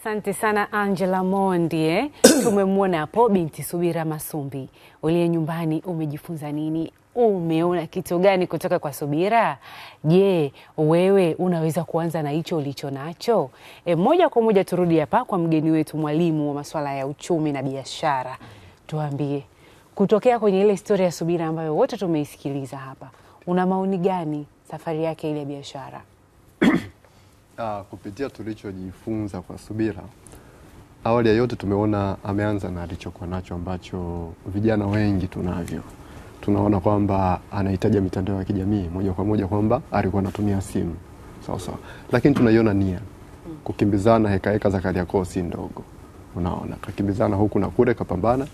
Asante sana Angela Mondi eh. Tumemwona hapo binti Subira Masumbi. Uliye nyumbani umejifunza nini? Umeona kitu gani kutoka kwa Subira? Je, wewe unaweza kuanza na hicho ulicho nacho? E, moja kwa moja turudi hapa kwa mgeni wetu mwalimu wa masuala ya uchumi na biashara. Tuambie kutokea kwenye ile historia ya Subira ambayo wote tumeisikiliza hapa, una maoni gani safari yake ile ya biashara? uh, kupitia tulichojifunza kwa subira, awali ya yote tumeona ameanza na alichokuwa nacho ambacho vijana wengi tunavyo tunaona kwamba anahitaji mitandao ya kijamii moja kwa moja, kwamba alikuwa anatumia simu sawa sawa, lakini tunaiona nia kukimbizana, heka heka za Kariakoo si ndogo. Unaona kakimbizana huku na kule, kapambana,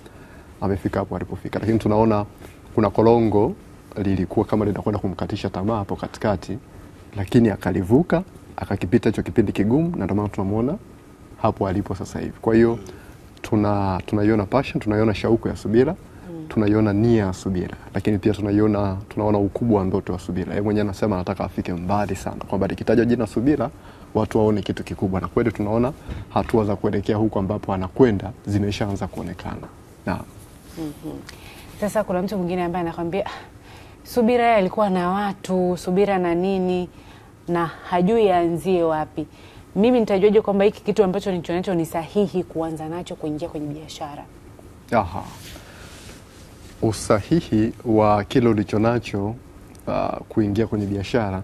amefika hapo alipofika, lakini tunaona kuna korongo lilikuwa kama linakwenda kumkatisha tamaa hapo katikati, lakini akalivuka akakipita hicho kipindi kigumu, na ndio maana tunamuona hapo alipo sasa hivi. Kwa hiyo tuna tunaiona passion, tunaiona shauku ya Subira, tunaiona nia ya Subira, lakini pia tunaiona tunaona ukubwa wa ndoto wa Subira. Yeye mwenyewe anasema anataka afike mbali sana, kwamba likitajwa jina Subira watu waone kitu kikubwa, na kweli tunaona hatua za kuelekea huko ambapo anakwenda zimeshaanza kuonekana. Naam. Mm -hmm. Sasa kuna mtu mwingine ambaye anakwambia ah, Subira alikuwa na watu, Subira na nini na hajui aanzie wapi. Mimi nitajuaje kwamba hiki kitu ambacho nilichonacho ni sahihi kuanza nacho kuingia kwenye biashara? Aha, usahihi wa kile ulichonacho uh, kuingia kwenye biashara,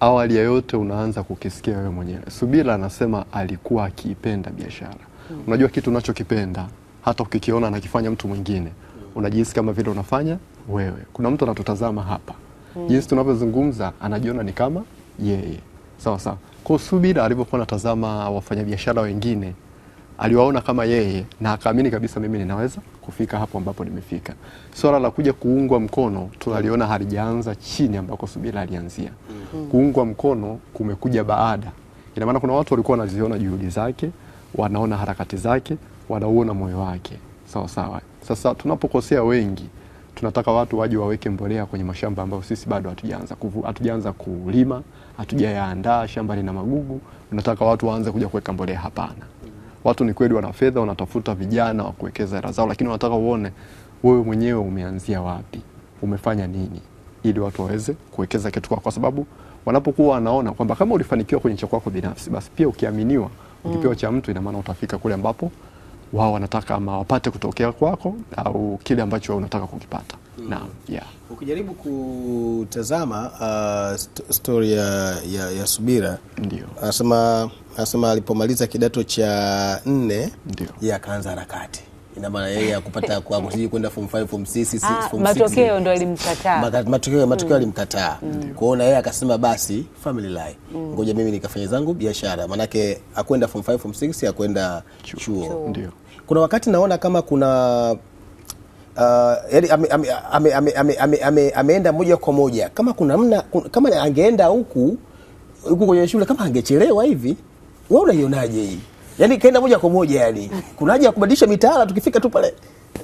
awali ya yote unaanza kukisikia wewe mwenyewe. Subira anasema alikuwa akiipenda biashara hmm. Unajua kitu unachokipenda hata ukikiona anakifanya mtu mwingine unajihisi kama vile unafanya wewe. Kuna mtu anatutazama hapa hmm. Jinsi tunavyozungumza anajiona ni kama yeye. Sawa sawa. Kwa Subira alivyokuwa anatazama wafanyabiashara wengine aliwaona kama yeye na akaamini kabisa mimi ninaweza kufika hapo ambapo nimefika. Swala la kuja kuungwa mkono tunaliona halijaanza chini ambako Subira alianzia. Mm -hmm. Kuungwa mkono kumekuja baada. Ina maana kuna watu walikuwa wanaziona juhudi zake, wanaona harakati zake, wanauona moyo wake. Sawa sawa. Sasa tunapokosea wengi tunataka watu waje waweke mbolea kwenye mashamba ambayo sisi bado hatujaanza hatujaanza kulima, hatujayaandaa, shamba lina magugu, tunataka watu waanze kuja kuweka mbolea? Hapana. Watu ni kweli wana fedha, wanatafuta vijana wa kuwekeza hela zao, lakini wanataka uone wewe mwenyewe umeanzia wapi, umefanya nini ili watu waweze kuwekeza kitu kwako, kwa sababu wanapokuwa wanaona kwamba kama ulifanikiwa kwenye cha kwako binafsi, basi pia ukiaminiwa, ukipewa mm. cha mtu, ina maana utafika kule ambapo wao wanataka ama wapate kutokea kwako au kile ambacho unataka kukipata. Mm. Naam, yeah. Ukijaribu kutazama uh, st story ya, ya, ya Subira ndio anasema anasema alipomaliza kidato cha nne ndio yeye akaanza harakati ina maana yeye akupata sijui kwenda form 5 form 6 ah, form 6 matokeo ndio alimkataa, matokeo matokeo mm. alimkataa. Mm. Kwa hiyo na yeye akasema basi family life, mm. ngoja mimi nikafanya zangu biashara, maanake akwenda form 5 form 6 akwenda chuo. Ndio kuna wakati naona kama kuna Uh, yani ameenda ame, ame, ame, ame, ame moja kwa moja kama kuna mna, kama angeenda huku huku kwenye shule kama angechelewa hivi, wewe unaionaje hii? Yani kaenda moja kwa moja, yani kuna haja ya kubadilisha mitaala tukifika tu pale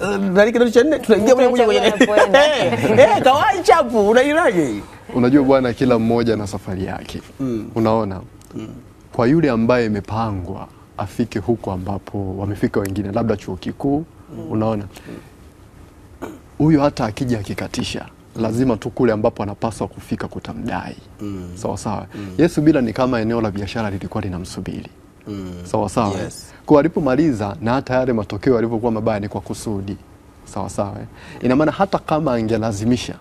uh, nani kidato cha nne tunaingia moja kwa moja eh, eh kawai chapu, unaionaje hii? Unajua bwana, kila mmoja na safari yake mm. Unaona mm. Kwa yule ambaye imepangwa mm afike huko ambapo wamefika wengine, labda chuo kikuu mm. Unaona huyo mm. hata akija akikatisha lazima tu kule ambapo anapaswa kufika kutamdai mm. sawa sawa mm. Yesu bila ni kama eneo la biashara lilikuwa linamsubiri mm. sawa sawa yes. Kwa alipomaliza na hata yale matokeo yalivyokuwa mabaya ni kwa kusudi sawa sawa. Ina maana hata kama angelazimisha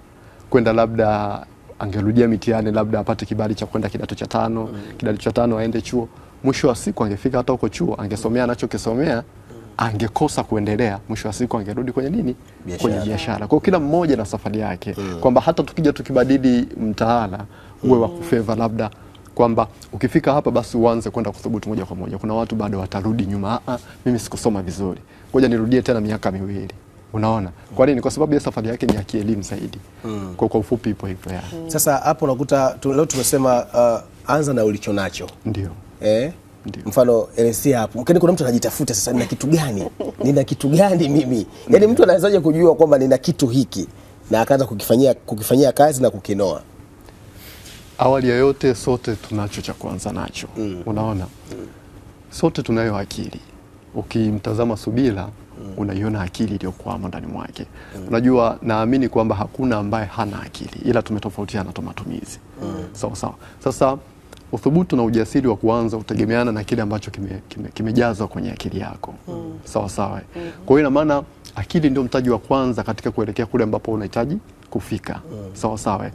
kwenda labda angerudia mitihani labda apate kibali cha kwenda kidato cha tano mm. kidato cha tano aende chuo mwisho wa siku angefika hata huko chuo angesomea anachokisomea angekosa kuendelea, mwisho wa siku angerudi kwenye nini? Biashara. Kwenye biashara. Kwa kila mmoja na safari yake mm. kwamba hata tukija tukibadili mtaala uwe wa hmm. kufeva labda kwamba ukifika hapa basi uanze kwenda kuthubutu moja kwa moja. Kuna watu bado watarudi nyuma, a ah, ah, mimi sikusoma vizuri, ngoja nirudie tena miaka miwili. Unaona, kwa nini? Kwa sababu ya safari yake ni ya kielimu zaidi mm. kwa, kwa ufupi ipo hivyo ya. Sasa hapo unakuta leo tumesema uh, anza na ulicho nacho ndio eh? Mfano LC hapo, lakini kuna mtu anajitafuta sasa, nina kitu gani? Nina kitu gani mimi? Yaani mtu anawezaje kujua kwamba nina kitu hiki na akaanza kukifanyia kukifanyia kazi na kukinoa? Awali ya yote sote tunacho cha kuanza nacho mm. Unaona mm. Sote tunayo akili. Ukimtazama Subira mm. unaiona akili iliyokuwamo ndani mwake mm. Unajua, naamini kwamba hakuna ambaye hana akili, ila tumetofautiana tu matumizi mm. Sawa sawa, sasa uthubutu na ujasiri wa kuanza utegemeana na kile ambacho kimejazwa kime, kime kwenye akili yako mm. sawa sawa mm -hmm. Kwa hiyo ina maana akili ndio mtaji wa kwanza katika kuelekea kule ambapo unahitaji kufika mm. sawa sawa mm.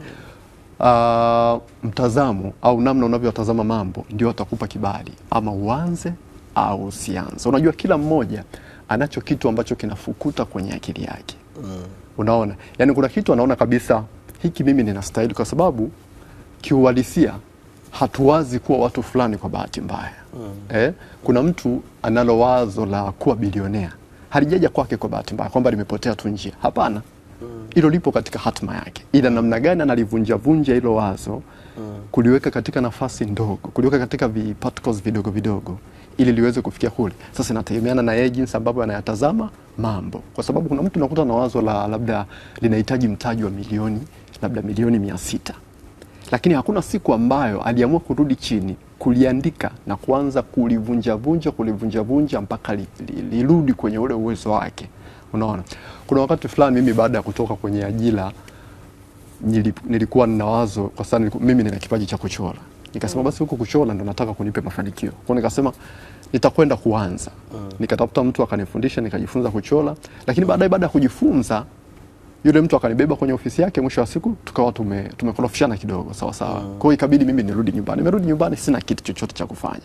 Uh, mtazamo au namna unavyotazama mambo ndio atakupa kibali ama uanze au usianze. Unajua kila mmoja anacho kitu ambacho kinafukuta kwenye akili yake mm. Unaona, yaani kuna kitu anaona kabisa hiki mimi ninastahili, kwa sababu kiuhalisia hatuwazi kuwa watu fulani kwa bahati mbaya mm. Eh, kuna mtu analo wazo la kuwa bilionea halijaja kwake kwa bahati mbaya kwamba limepotea tu njia. Hapana, mm. hilo mm. lipo katika hatima yake, ila namna gani analivunjavunja hilo wazo mm. kuliweka katika nafasi ndogo, kuliweka katika vipaticles vidogo vidogo ili liweze kufikia kule. Sasa inategemeana na yeye jinsi ambavyo anayatazama mambo, kwa sababu kuna mtu nakuta na wazo la labda linahitaji mtaji wa milioni labda milioni mia sita lakini hakuna siku ambayo aliamua kurudi chini kuliandika na kuanza kulivunjavunja kulivunjavunja mpaka li, li, lirudi kwenye ule uwezo wake. Unaona, kuna wakati fulani mimi baada ya kutoka kwenye ajira nilikuwa nina wazo kwa sababu mimi nina kipaji cha kuchora, nikasema basi huko kuchora ndo nataka kunipe mafanikio kwao, nikasema nitakwenda kuanza. Mm. Nikatafuta mtu akanifundisha, nikajifunza kuchora, lakini baadaye baada ya kujifunza yule mtu akanibeba kwenye ofisi yake, mwisho wa siku tukawa tumekorofishana tume kidogo sawa sawa. Mm. Kwa hiyo ikabidi mimi nirudi nyumbani. Nimerudi nyumbani, sina kitu chochote cha kufanya,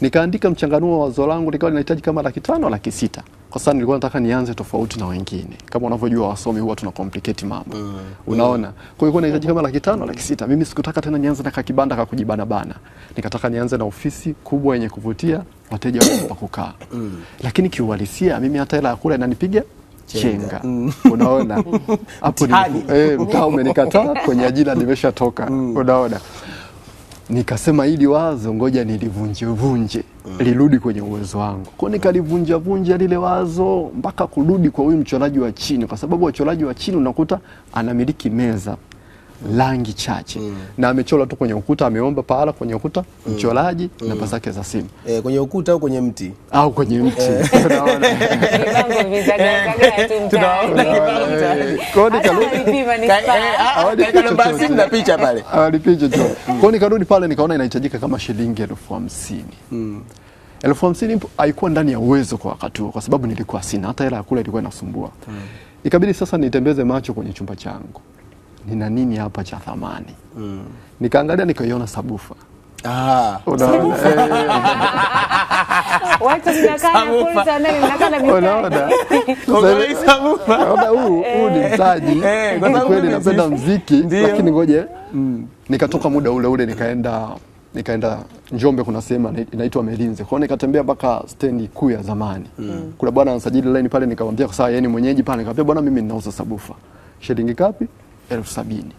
nikaandika mchanganuo wa wazo langu, nikawa ninahitaji kama laki tano laki sita kwa sababu nilikuwa nataka nianze tofauti na wengine. Kama unavyojua wasomi huwa tuna complicate mambo mm, mm. unaona. Kwa hiyo nahitaji kama laki tano laki sita. Mimi sikutaka tena nianze na kakibanda ka kujibana bana, nikataka nianze na ofisi kubwa yenye kuvutia wateja wa kukaa, mm. lakini kiuhalisia mimi hata hela ya kula inanipiga chenga. Mm. Unaona hapo eh, mtaa umenikataa kwenye ajira nimeshatoka. Mm. Unaona nikasema hili wazo ngoja nilivunjevunje mm. lirudi kwenye uwezo wangu kwao, nikalivunjavunja lile wazo mpaka kurudi kwa huyu mchoraji wa chini, kwa sababu wachoraji wa chini unakuta anamiliki meza rangi chache mm. na amechola tu kwenye ukuta, ameomba pahala kwenye ukuta mcholaji mm. mm. namba zake za simu e, kwenye ukuta au kwenye mti au kwenye mti eh. eh. kwao. Nikarudi ah, mm. pale nikaona inahitajika kama shilingi elfu hamsini mm. elfu hamsini haikuwa ndani ya uwezo kwa wakati huo, kwa sababu nilikuwa sina hata hela ya kula, ilikuwa inasumbua mm. Ikabidi sasa nitembeze macho kwenye chumba changu nina nini hapa cha thamani mm. Nikaangalia nikaiona sabufa Huu ni eh. mtaji eh, kweli, napenda mziki lakini ngoje mm. Nikatoka muda ule ule nikaenda nikaenda Njombe, kuna sehemu inaitwa Melinze kwao, nikatembea mpaka stendi kuu ya zamani mm. mm. Kuna bwana anasajili laini pale, nikamwambia kwa saa yeye ni mwenyeji pale, nikamwambia bwana, mimi ninauza sabufa shilingi ngapi? elfu sabini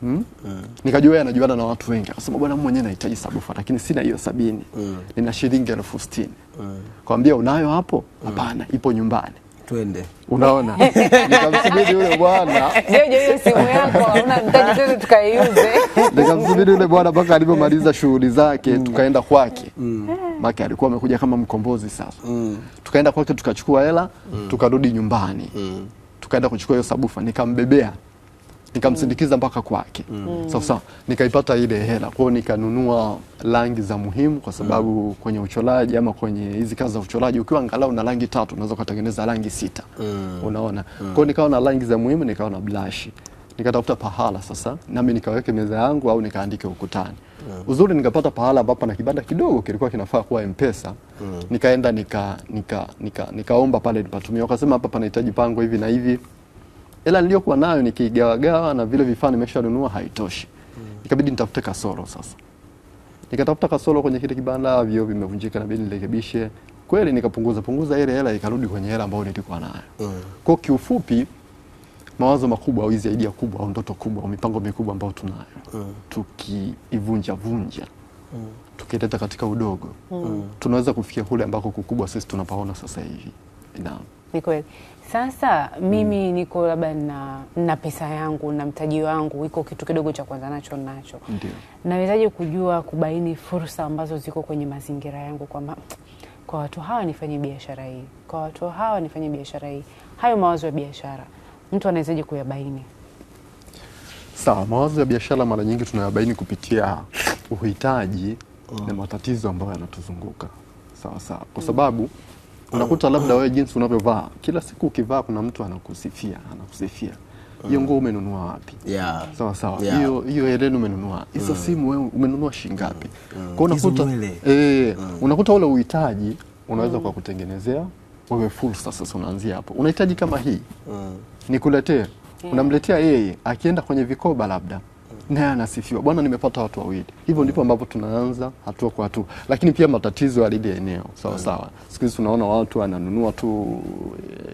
Hmm? Mm. Nikajua yeye anajuana na watu wengi. Akasema bwana, mwenyewe nahitaji sabufa lakini sina hiyo sabini. Mm. Nina shilingi elfu sitini. Mm. Eh. kawambia unayo hapo? Hapana, mm. Ipo nyumbani. Twende. Unaona? Nikamsubiri yule bwana. Nikamsubiri yule bwana mpaka alivyomaliza shughuli zake mm. Tukaenda kwake. Mm. Maki alikuwa amekuja kama mkombozi sasa. Mm. Tukaenda kwake tukachukua hela, mm. Tukarudi nyumbani. Mm. Tukaenda kuchukua hiyo sabufa nikambebea nikamsindikiza mpaka kwake mm. sawa sawa, nikaipata ile hela kwao, nikanunua rangi za muhimu, kwa sababu mm. kwenye uchoraji ama kwenye hizi kazi za uchoraji ukiwa angalau na rangi tatu unaweza ukatengeneza rangi sita mm. unaona mm. kwao, nikawa na rangi za muhimu, nikawa na blashi, nikatafuta pahala sasa nami nikaweke meza yangu au nikaandike ukutani mm. Uzuri nikapata pahala ambapo na kibanda kidogo kilikuwa kinafaa kuwa mpesa mm. Nikaenda nika, nika, nika, pale nipatumie. wakasema hapa panahitaji pango hivi na hivi hela niliyokuwa nayo nikiigawagawa na vile vifaa nimeshanunua haitoshi. Ikabidi nitafute kasoro sasa. Nikatafuta kasoro kwenye kile kibanda, vioo vimevunjika na bidi nirekebishe. Kweli nikapunguza punguza ile hela ikarudi kwenye hela ambayo nilikuwa nayo. Mm. Kwa kiufupi mawazo makubwa au hizi idea kubwa au ndoto kubwa au mipango mikubwa ambayo tunayo mm. tukiivunja vunja mm. tukileta katika udogo mm. tunaweza kufikia kule ambako kukubwa sisi tunapaona sasa hivi. Naam ni kweli. Sasa mimi mm. niko labda na, na pesa yangu na mtaji wangu iko kitu kidogo cha kwanza nacho nacho, nawezaje kujua kubaini fursa ambazo ziko kwenye mazingira yangu kwamba kwa watu hawa nifanye biashara hii, kwa watu hawa nifanye biashara hii. Hayo mawazo ya biashara mtu anawezaje kuyabaini? Sawa, mawazo ya biashara mara nyingi tunayabaini kupitia uhitaji oh. na mm. matatizo ambayo yanatuzunguka sawa sawa, kwa mm. sababu unakuta labda wewe jinsi unavyovaa kila siku, ukivaa kuna mtu anakusifia, anakusifia mm. hiyo nguo umenunua wapi? yeah. sawa sawa, hiyo hiyo hereni umenunua, hizo mm. simu wewe umenunua shingapi? Mm. mm. kwa unakuta eh, unakuta ule uhitaji unaweza kwa kutengenezea wewe fursa. Sasa unaanzia hapo, unahitaji kama hii mm. nikuletee, unamletea yeye, akienda kwenye vikoba labda naye anasifiwa, bwana, nimepata watu wawili. Hivyo mm. ndipo ambapo tunaanza hatua kwa hatua, lakini pia matatizo ya lile eneo sawa mm. sawa siku hizi tunaona watu ananunua tu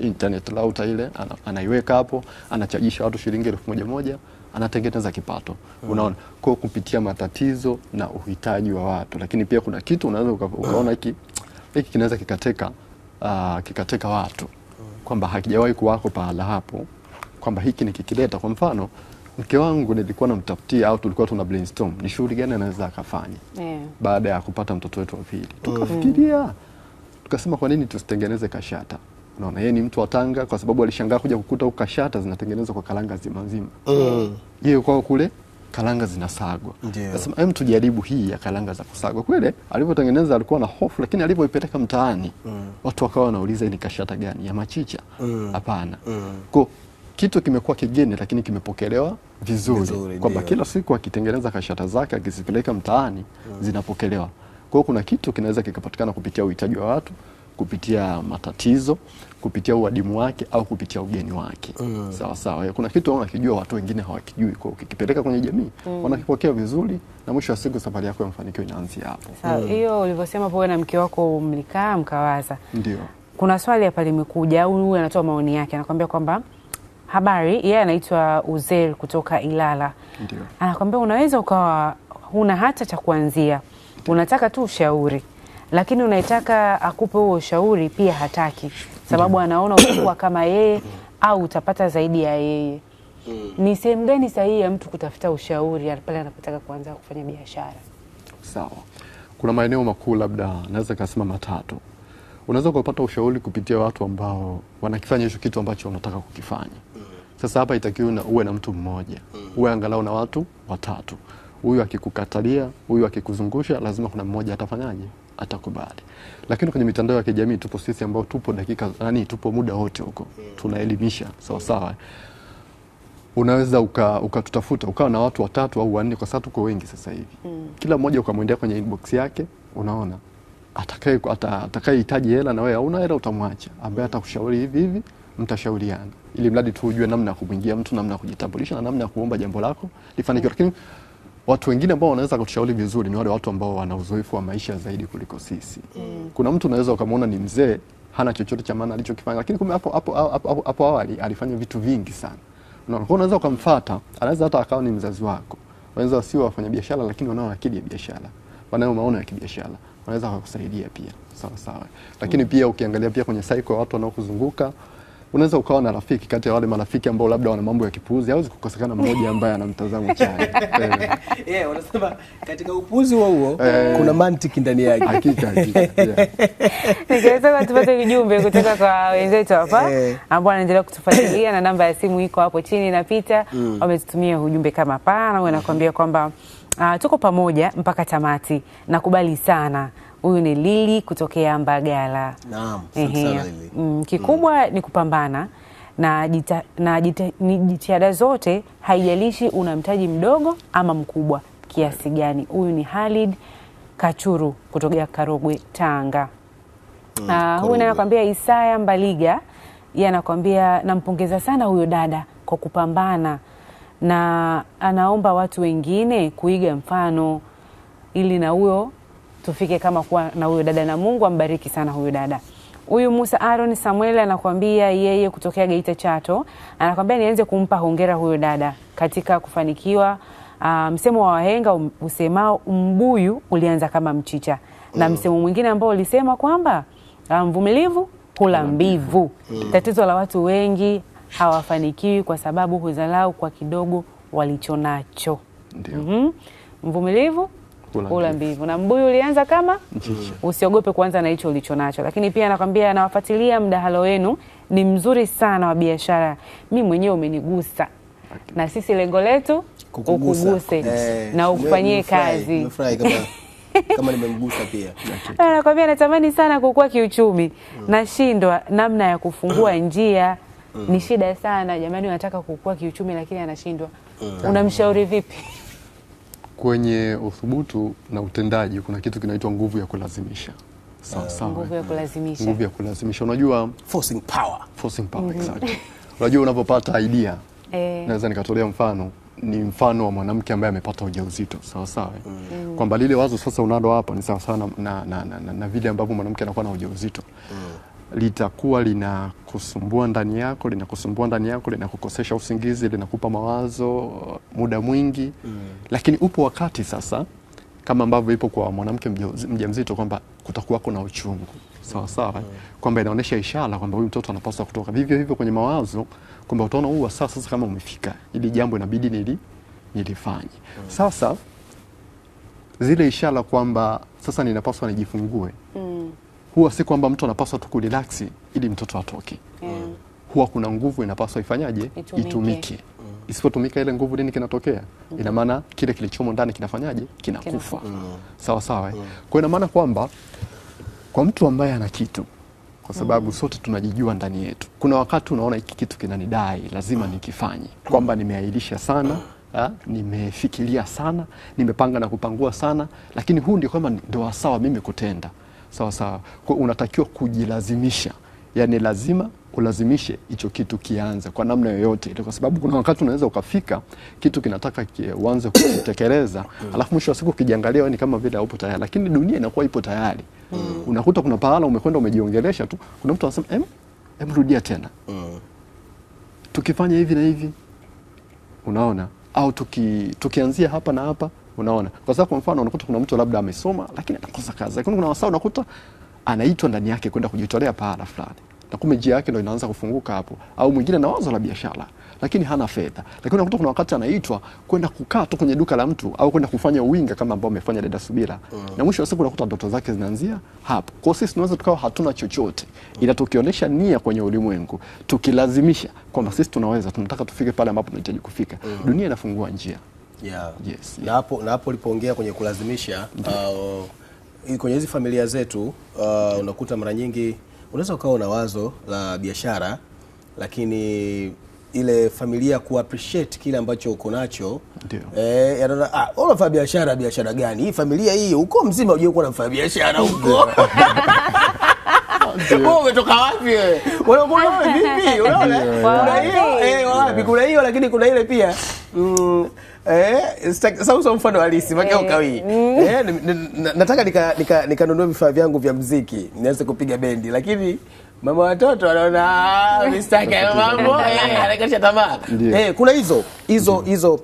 eh, internet router ile ana, anaiweka hapo anachajisha watu shilingi elfu moja moja anatengeneza kipato mm. unaona, kwa kupitia matatizo na uhitaji wa watu, lakini pia kuna kitu unaweza ukaona hiki hiki kinaweza kikateka uh, kikateka watu mm. kwamba hakijawahi kuwako pahala hapo kwamba hiki nikikileta kwa mfano mke wangu nilikuwa namtafutia au tulikuwa tuna brainstorm ni shughuli gani anaweza akafanya yeah. baada ya kupata mtoto wetu wa pili mm. tukafikiria mm. tukasema kwa nini tusitengeneze kashata unaona yeye ni mtu wa Tanga kwa sababu alishangaa kuja kukuta huko kashata zinatengenezwa kwa kalanga zima nzima mm. yeye kwao kule kalanga zinasagwa. Nasema hem, tujaribu hii ya kalanga za kusagwa. Kweli alivyotengeneza alikuwa na hofu, lakini alivyoipeleka mtaani mm. watu wakawa wanauliza ni kashata gani ya machicha? Mm. Hapana. Mm. mm. Kwa kitu kimekuwa kigeni, lakini kimepokelewa vizuri, vizuri kwamba kila siku akitengeneza kashata zake akizipeleka mtaani mm. zinapokelewa. Kwa hiyo kuna kitu kinaweza kikapatikana kupitia uhitaji wa watu, kupitia matatizo, kupitia uadimu wake au kupitia ugeni wake mm. sawa sawa. Kuna kitu unakijua watu wengine hawakijui, kwa ukikipeleka kwenye jamii mm. wanakipokea vizuri, na mwisho wa siku safari yako ya mafanikio inaanzia hapo. Sawa mm. hiyo mm. ulivyosema, wewe na mke wako mlikaa mkawaza, ndio kuna swali hapa limekuja, au huyu anatoa maoni yake, anakuambia kwamba Habari, yeye yeah, anaitwa Uzel kutoka Ilala. Ndio. Anakwambia unaweza ukawa huna hata cha kuanzia, unataka tu ushauri, lakini unaitaka akupe huo ushauri pia hataki, sababu Ndiyo. anaona utakuwa kama yeye au utapata zaidi ya yeye. Mm. Ni sehemu gani sahihi ya mtu kutafuta ushauri pale anapotaka kuanza kufanya biashara? Sawa, kuna maeneo makuu labda naweza kasema matatu unaweza kupata ushauri kupitia watu ambao wanakifanya hicho kitu ambacho unataka kukifanya. Sasa hapa itakiwa na uwe na mtu mmoja, uwe angalau na watu watatu. Huyu akikukatalia, huyu akikuzungusha, lazima kuna mmoja atafanyaje, atakubali. Lakini kwenye mitandao ya kijamii tupo sisi ambao tupo dakika, yani tupo muda wote huko tunaelimisha, sawa sawa. Unaweza ukatutafuta uka ukawa na watu watatu au wanne, kwa sababu tuko wengi sasa hivi, mm. kila mmoja ukamwendea kwenye inbox yake, unaona atakaye atakaye hitaji hela na wewe hauna hela, utamwacha ambaye mm. atakushauri hivi hivi, mtashauriana ili mradi tu ujue namna ya kumwingia mtu, namna ya kujitambulisha na namna ya kuomba jambo lako lifanikiwe. mm. Lakini watu wengine ambao wanaweza kutushauri vizuri ni wale watu ambao wana uzoefu wa maisha zaidi kuliko sisi. Mm. Kuna mtu unaweza ukamwona ni mzee hana chochote cha maana alichokifanya, lakini kumbe hapo hapo hapo awali alifanya vitu vingi sana. Unaona, unaweza ukamfuata, anaweza hata akawa ni mzazi wako, wanaweza sio wafanyabiashara, lakini wanao akili ya biashara, wanayo maono ya kibiashara unaweza wakakusaidia pia sawa sawa. Lakini pia ukiangalia pia kwenye cycle watu wanaokuzunguka unaweza ukawa na rafiki kati ya wale marafiki ambao labda wana mambo ya kipuuzi, hawezi kukosekana mmoja ambaye ana mtazamo chanya. Yeah, unasema katika upuuzi huo huo eh. kuna mantiki ndani yake. Hakika hakika. Ningeweza tupate ujumbe kutoka kwa eh. wenzetu hapa eh. ambao wanaendelea kutufuatilia na namba ya simu iko hapo chini inapita, mm. wametutumia ujumbe kama pana, wanakuambia kwamba Uh, tuko pamoja mpaka tamati. Nakubali sana. Huyu ni Lili kutokea Mbagala. Naam, sana Lili. Mm, mm. kikubwa mm. ni kupambana na, jita, na jita, ni jitihada zote, haijalishi una mtaji mdogo ama mkubwa kiasi gani. Huyu ni Halid Kachuru kutokea Karogwe, Tanga. Mm, uh, huyu naye anakuambia Isaya Mbaliga, yeye anakwambia nampongeza sana huyo dada kwa kupambana na anaomba watu wengine kuiga mfano ili na huyo tufike kama kuwa na huyo dada, na Mungu ambariki sana huyo dada. Huyu Musa Aaron Samuel anakwambia yeye kutokea Geita Chato, anakwambia nianze kumpa hongera huyo dada katika kufanikiwa. Uh, msemo wa wahenga um, usemao mbuyu ulianza kama mchicha na mm. msemo mwingine ambao ulisema kwamba ah, mvumilivu um, hula mbivu mm. Tatizo la watu wengi hawafanikiwi kwa sababu hudharau kwa kidogo walicho nacho Mm -hmm. Mvumilivu ula mbivu na mbuyu ulianza kama mchicha. Usiogope kuanza na hicho nacho lakini pia anakwambia anawafatilia mdahalo wenu ni mzuri sana wa biashara. Mi mwenyewe umenigusa na sisi lengo letu ukuguse eh, na ukufanyie kazi kama nimemgusa pia. Anakwambia ah, anatamani sana kukua kiuchumi, mm. nashindwa namna ya kufungua njia mm. ni shida sana jamani, unataka kukua kiuchumi lakini anashindwa mm. unamshauri vipi? Kwenye uthubutu na utendaji kuna kitu kinaitwa nguvu ya kulazimisha sawa mm. sawa, nguvu ya kulazimisha, nguvu ya kulazimisha. Unajua forcing power, forcing power mm -hmm. exactly. Unajua unapopata idea eh. naweza nikatolea mfano ni mfano wa mwanamke ambaye amepata ujauzito sawa sawa, mm. mm. kwamba lile wazo sasa unalo hapa ni sawa sawa na, na, na, na, na vile ambavyo mwanamke anakuwa na ujauzito mm litakuwa linakusumbua ndani yako, linakusumbua ndani yako, linakukosesha usingizi, linakupa mawazo muda mwingi mm. Lakini upo wakati sasa, kama ambavyo ipo kwa mwanamke mjamzito kwamba kutakuwa kuna uchungu sawa sawa, mm. kwamba inaonyesha ishara kwamba huyu mtoto anapaswa kutoka. Vivyo hivyo kwenye mawazo kwamba utaona huu wasaa sasa kama umefika, ili mm. jambo inabidi nili nilifanye mm. Sasa zile ishara kwamba sasa ninapaswa nijifungue mm huwa si kwamba mtu anapaswa tu kurelaksi ili mtoto atoke yeah. Mm. Huwa kuna nguvu inapaswa ifanyaje, itumike, itumike. Mm. Isipotumika ile nguvu, nini kinatokea? Mm. Ina maana kile kilichomo ndani kinafanyaje, kinakufa. Mm. Sawa sawa. Eh? Mm. Kwa ina maana kwamba kwa mtu ambaye ana kitu kwa sababu mm. sote tunajijua ndani yetu. Kuna wakati unaona hiki kitu kinanidai, lazima mm. nikifanye, kwamba nimeahirisha sana mm. Ha, ah, nimefikiria sana, nimepanga na kupangua sana, lakini huu ndio kwamba ndio sawa mimi kutenda sawa sawa. Kwa unatakiwa kujilazimisha, yani lazima ulazimishe hicho kitu kianze kwa namna yoyote ile, kwa sababu kuna wakati unaweza ukafika kitu kinataka uanze kutekeleza mm. alafu mwisho wa siku ukijiangalia wewe ni kama vile haupo tayari, lakini dunia inakuwa ipo tayari. Mm. Unakuta kuna pahala umekwenda umejiongelesha tu, kuna mtu anasema em, em rudia tena. Mm. Tukifanya hivi na hivi, unaona au tuki, tukianzia hapa na hapa Unaona, kwa sababu kwa mfano unakuta kuna mtu labda amesoma lakini anakosa kazi, lakini kuna wasaa unakuta anaitwa ndani yake kwenda kujitolea pahala fulani na kumbe njia yake ndo inaanza kufunguka hapo. Au mwingine na wazo la biashara lakini hana fedha, lakini unakuta kuna wakati anaitwa kwenda kukaa tu kwenye duka la mtu au kwenda kufanya uwinga kama ambao amefanya dada Subira uh mm. -huh. na mwisho wa siku unakuta ndoto zake zinaanzia hapo. Kwa sisi tunaweza tukawa hatuna chochote, ila tukionyesha nia kwenye ulimwengu, tukilazimisha kwamba sisi tunaweza, tunataka tufike pale ambapo tunahitaji kufika uh mm. -huh. dunia inafungua njia yeah. Yes, yeah. Na hapo na hapo ulipoongea kwenye kulazimisha uh, kwenye hizi familia zetu uh, yeah. Unakuta mara nyingi unaweza ukawa na wazo la biashara lakini ile familia ku appreciate kile ambacho uko nacho eh, yanaona ah, unafanya biashara biashara gani hii familia hii, uko mzima unajua kuwa unafanya biashara huko wewe umetoka wapi wewe? wewe vipi? Unaona? Kuna hiyo eh, wapi? Kuna hiyo lakini kuna ile pia mm, eh sasa mfano halisi Eh, mm. eh nataka nika nika nikanunua vifaa vyangu vya muziki, nianze kupiga bendi lakini mama watoto anaona ah, mistake ya mambo eh, tamaa. Eh, kuna hizo hizo hizo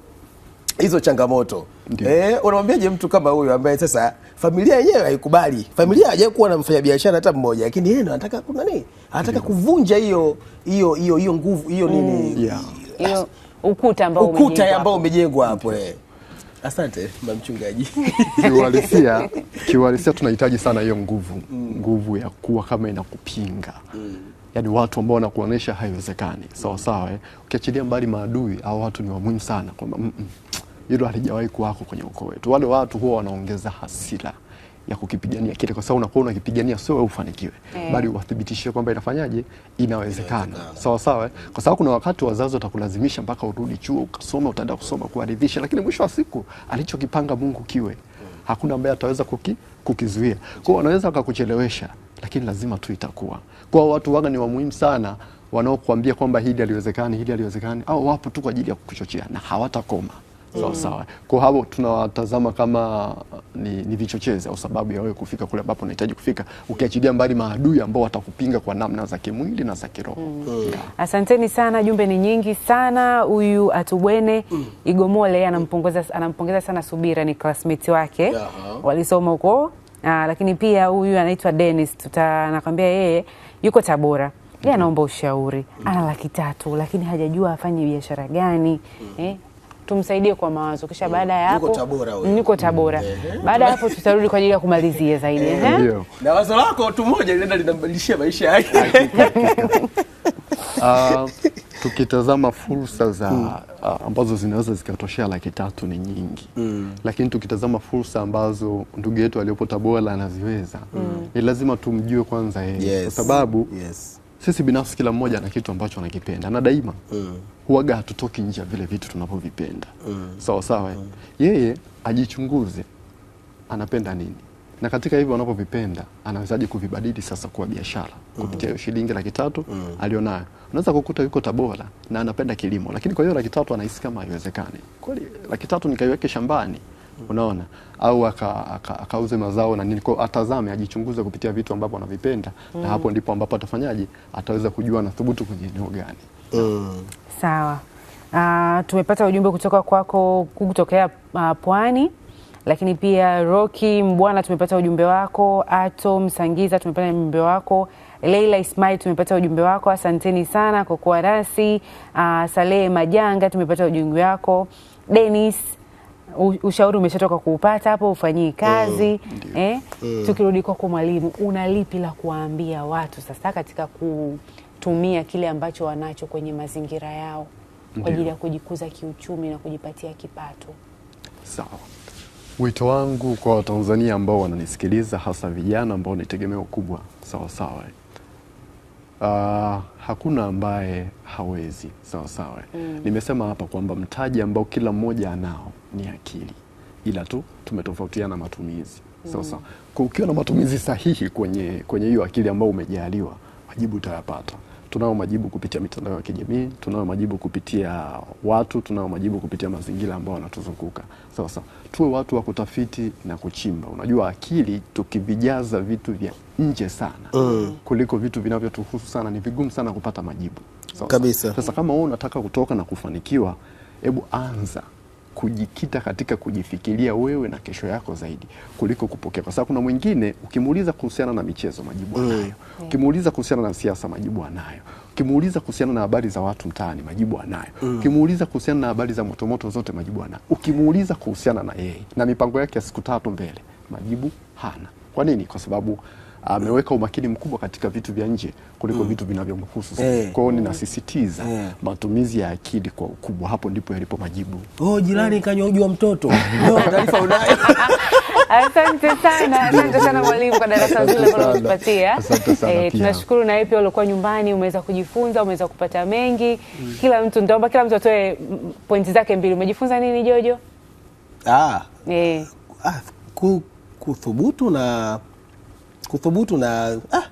hizo changamoto Eh, unamwambiaje mtu kama huyo ambaye sasa familia yenyewe haikubali, familia hajawahi kuwa na mfanyabiashara hata mmoja, lakini yeye anataka kuna nini, anataka kuvunja hiyo hiyo hiyo hiyo nguvu hiyo mm. nini, hiyo ukuta ambao ukuta ambao umejengwa hapo eh. Asante mchungaji. Kiuhalisia, kiuhalisia tunahitaji sana hiyo nguvu mm. nguvu ya kuwa kama inakupinga mm. yaani watu ambao wanakuonyesha haiwezekani sawasawa, sawa, eh. ukiachilia mbali maadui au watu ni wa muhimu sana kwamba hilo halijawahi kuwako kwenye ukoo wetu. Wale watu huwa wanaongeza hasira ya kukipigania kile, kwa sababu unakuwa unakipigania sio wewe ufanikiwe e, bali uwathibitishie kwamba inafanyaje, inawezekana sawa sawa. Eh? Kwa sababu kuna wakati wazazi watakulazimisha mpaka urudi chuo ukasoma, utaenda kusoma kuaridhisha, lakini mwisho wa siku alichokipanga Mungu kiwe hakuna ambaye ataweza kuki, kukizuia. Kwa hiyo wanaweza wakakuchelewesha, lakini lazima tu itakuwa. Kwa watu waga ni wa muhimu sana wanaokuambia kwamba hili haliwezekani, hili haliwezekani, au wapo tu kwa ajili ya kukuchochea na hawatakoma sawa mm. sawa. Kwa hapo tunawatazama kama uh, ni, ni vichochezi au sababu ya wewe kufika kule ambapo unahitaji kufika, ukiachilia mbali maadui ambao watakupinga kwa namna za kimwili na za kiroho. Mm. mm. mm. Yeah. Asanteni sana, jumbe ni nyingi sana. Huyu Atubwene mm. Igomole anampongeza anampongeza sana Subira, ni classmate wake yeah. walisoma huko Aa, ah, lakini pia huyu anaitwa Dennis tuta nakwambia yeye yuko Tabora ye mm-hmm. anaomba ushauri, ana laki tatu lakini hajajua afanye biashara gani eh, tumsaidie kwa mawazo, kisha mm. baada ya hapo niko Tabora mm. Baada ya hapo tutarudi kwa ajili ya kumalizia zaidi, ehe, na wazo lako tu moja linaenda linabadilishia maisha yake. Uh, tukitazama fursa za uh, ambazo zinaweza zikatoshea laki tatu ni nyingi mm. Lakini tukitazama fursa ambazo ndugu yetu aliyopo Tabora anaziweza mm. Ni lazima tumjue kwanza yeye Kwa sababu yes sisi binafsi kila mmoja ana kitu ambacho anakipenda na daima mm. huaga hatutoki nje ya vile vitu tunavyovipenda mm. sawa sawa mm. yeye ajichunguze anapenda nini na katika hivyo anavyovipenda anawezaje kuvibadili sasa kuwa biashara mm. kupitia hiyo shilingi laki tatu mm. alionayo unaweza kukuta yuko Tabora na anapenda kilimo lakini kwa hiyo laki tatu anahisi kama haiwezekani kweli laki tatu nikaiweke shambani unaona au akauze aka, aka mazao na nini, atazame, ajichunguze kupitia vitu ambavyo anavipenda mm. na hapo ndipo ambapo atafanyaje, ataweza kujua anathubutu kwenye eneo gani mm. Sawa. Uh, tumepata ujumbe kutoka kwako kutokea uh, Pwani, lakini pia Roki Mbwana tumepata ujumbe wako, Atom Sangiza tumepata ujumbe wako Leila Ismail tumepata ujumbe wako, asanteni sana kwa kuwa nasi. Uh, ah, Salehe Majanga tumepata ujumbe wako, Dennis ushauri umeshatoka kuupata hapo, ufanyii mm, kazi mm, eh? Mm. Tukirudi kwako mwalimu, una lipi la kuwaambia watu sasa katika kutumia kile ambacho wanacho kwenye mazingira yao kwa ajili ya kujikuza kiuchumi na kujipatia kipato? Sawa, wito wangu kwa Watanzania ambao wananisikiliza hasa vijana ambao ni tegemeo kubwa, sawasawa sawa Uh, hakuna ambaye hawezi sawa sawa. Mm. Nimesema hapa kwamba mtaji ambao kila mmoja anao ni akili, ila tu tumetofautiana matumizi sawa mm. sawa. Mm. Kwa ukiwa na matumizi sahihi kwenye kwenye hiyo akili ambayo umejaliwa, majibu utayapata tunao majibu kupitia mitandao ya kijamii, tunao majibu kupitia watu, tunao majibu kupitia mazingira ambao wanatuzunguka. Sawa sawa, tuwe watu wa kutafiti na kuchimba. Unajua, akili tukivijaza vitu vya nje sana mm. kuliko vitu vinavyotuhusu sana, ni vigumu sana kupata majibu. Sawa kabisa. Sasa kama wewe unataka kutoka na kufanikiwa, hebu anza kujikita katika kujifikiria wewe na kesho yako zaidi kuliko kupokea, kwa sababu kuna mwingine ukimuuliza kuhusiana na michezo majibu mm. anayo ukimuuliza kuhusiana na siasa majibu anayo ukimuuliza kuhusiana na habari za watu mtaani majibu anayo mm. ukimuuliza kuhusiana na habari za motomoto zote majibu anayo, ukimuuliza kuhusiana na yeye na mipango yake ya siku tatu mbele majibu hana. Kwa nini? Kwa sababu ameweka umakini mkubwa katika vitu vya nje kuliko mm. vitu vinavyomhusu. Hey. Eh. kwao ninasisitiza hey. Eh. matumizi ya akili kwa ukubwa, hapo ndipo yalipo majibu. Oh, jirani eh. kanywa uji wa mtoto. taarifa unayo. Asante sana, asante sana mwalimu kwa darasa zuri ambalo umetupatia. Eh, tunashukuru na wewe pia uliokuwa nyumbani umeweza kujifunza, umeweza kupata mengi. Mm. Kila mtu ndaomba kila mtu atoe pointi zake mbili. Umejifunza nini Jojo? Ah. Eh. Ah, kuthubutu na kuthubutu na ah.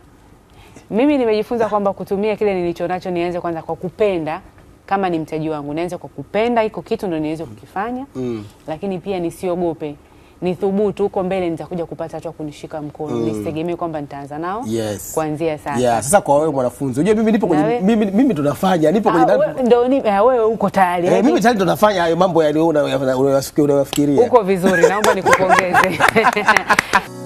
Mimi nimejifunza kwamba kutumia kile nilicho nacho, nianze kwanza kwa kupenda kama ni mtaji wangu nianze kwa kupenda iko kitu ndo niweze kukifanya mm. Lakini pia nisiogope, nithubutu. Huko mbele nitakuja kupata watu kunishika mkono mm. Nisitegemee kwamba nitaanza nao yes. Kuanzia sasa yeah. Sasa kwa wewe mwanafunzi, unajua mimi nipo kwenye mimi, mimi tunafanya nipo kwenye ah, ndio ni ah, wewe uko tayari eh, mimi yaani- tayari tunafanya hayo mambo yaliyo unayofikiria, uko vizuri. Naomba nikupongeze